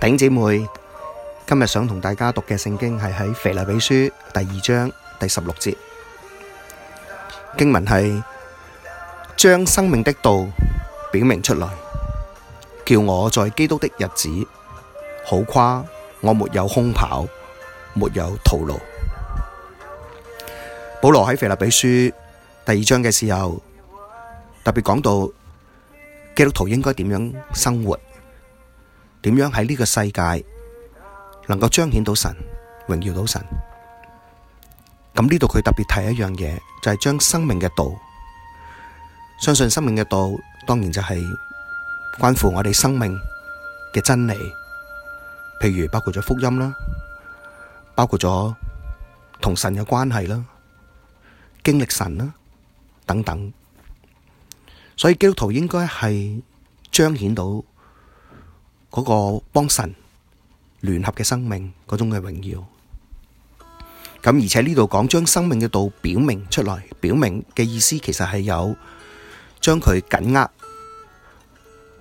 弟兄姐妹，今日想同大家讀嘅聖經係喺腓立比書第二章第十六節。經文係，將生命的道表明出來，叫我在基督的日子好誇，我沒有空跑，沒有徒勞。保羅喺腓立比書第二章嘅時候特別講到基督徒應該點樣生活。點樣喺呢個世界能夠彰顯到神，榮耀到神？咁呢度佢特別提一樣嘢，就係、是、將生命嘅道。相信生命嘅道，當然就係關乎我哋生命嘅真理。譬如包括咗福音啦，包括咗同神有關係啦，經歷神啦等等。所以基督徒應該係彰顯到。嗰個幫神聯合嘅生命嗰種嘅榮耀，咁而且呢度講將生命嘅道表明出來，表明嘅意思其實係有將佢緊握、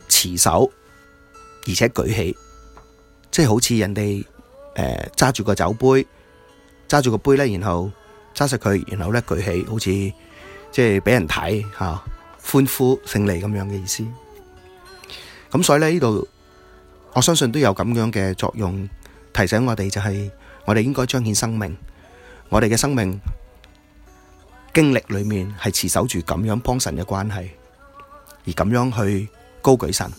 持守，而且舉起，即係好似人哋誒揸住個酒杯，揸住個杯咧，然後揸實佢，然後咧舉起，好似即係俾人睇吓，歡呼勝利咁樣嘅意思。咁所以咧呢度。我相信都有咁樣嘅作用，提醒我哋就係我哋應該彰顯生命。我哋嘅生命經歷裏面係持守住咁樣幫神嘅關係，而咁樣去高舉神。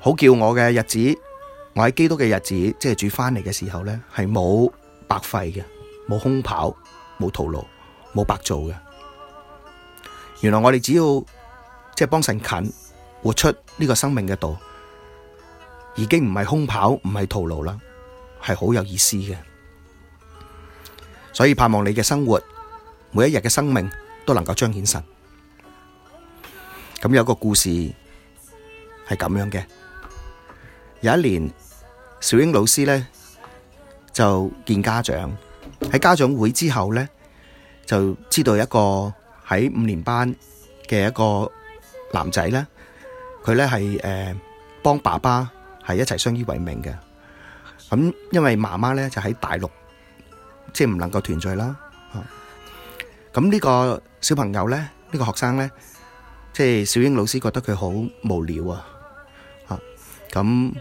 好叫我嘅日子，我喺基督嘅日子，即係主翻嚟嘅時候咧，係冇白費嘅，冇空跑，冇徒勞，冇白做嘅。原來我哋只要即係幫神近，活出呢個生命嘅道。已經唔係空跑，唔係徒勞啦，係好有意思嘅。所以盼望你嘅生活每一日嘅生命都能夠彰顯神。咁有個故事係咁樣嘅，有一年小英老師咧就見家長喺家長會之後咧就知道一個喺五年班嘅一個男仔咧，佢咧係誒幫爸爸。係一齊相依為命嘅，咁因為媽媽呢就喺大陸，即係唔能夠團聚啦。吓，咁呢個小朋友呢，呢個學生呢，即係小英老師覺得佢好無聊啊。吓，咁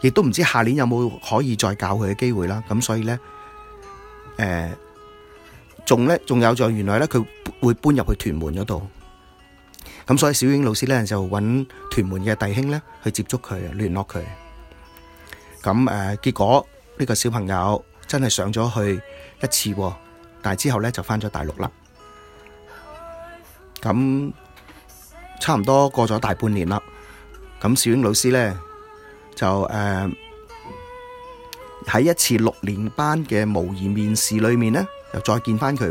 亦都唔知下年有冇可以再教佢嘅機會啦。咁所以呢，誒，仲呢仲有就原來呢佢會搬入去屯門嗰度。咁所以小英老師咧就揾屯門嘅弟兄咧去接觸佢，聯絡佢。咁誒，結果呢個小朋友真係上咗去一次，但係之後咧就返咗大陸啦。咁差唔多過咗大半年啦。咁小英老師咧就誒喺一次六年班嘅模擬面試裏面咧，又再見返佢，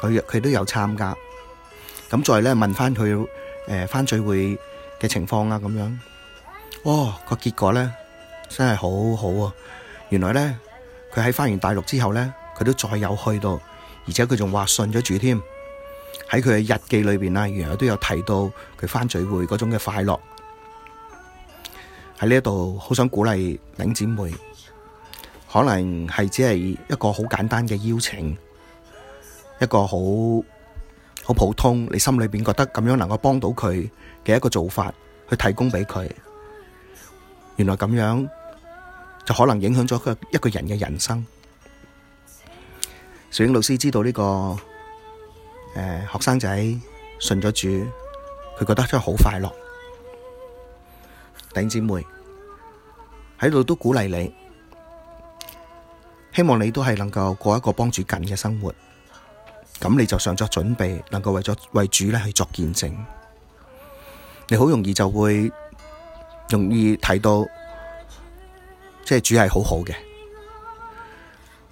佢佢都有參加。咁再咧問翻佢誒翻聚會嘅情況啊，咁樣，哇、哦這個結果咧真係好好啊！原來咧佢喺翻完大陸之後咧，佢都再有去到，而且佢仲話信咗主添。喺佢嘅日記裏邊啊，原來都有提到佢翻聚會嗰種嘅快樂。喺呢一度好想鼓勵領姊妹，可能係只係一個好簡單嘅邀請，一個好。好普通，你心裏邊覺得咁樣能夠幫到佢嘅一個做法，去提供俾佢。原來咁樣就可能影響咗佢一個人嘅人生。小英老師知道呢、這個誒、呃、學生仔信咗主，佢覺得真係好快樂。弟姊妹喺度都鼓勵你，希望你都係能夠過一個幫主近嘅生活。咁你就常作準備，能夠為咗為主咧去作見證，你好容易就會容易睇到，即係主係好好嘅，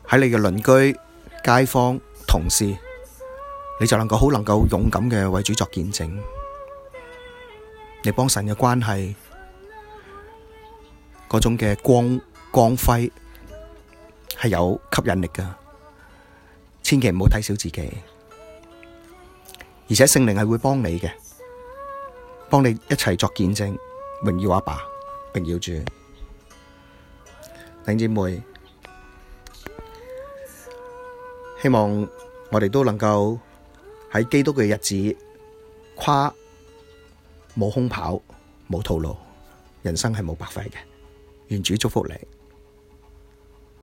喺你嘅鄰居、街坊、同事，你就能夠好能夠勇敢嘅為主作見證，你幫神嘅關係嗰種嘅光光輝係有吸引力㗎。千祈唔好睇小自己，而且聖靈係會幫你嘅，幫你一齊作見證，榮耀阿爸，榮耀主。弟兄姊妹，希望我哋都能夠喺基督嘅日子誇冇空跑，冇徒勞，人生係冇白費嘅，願主祝福你。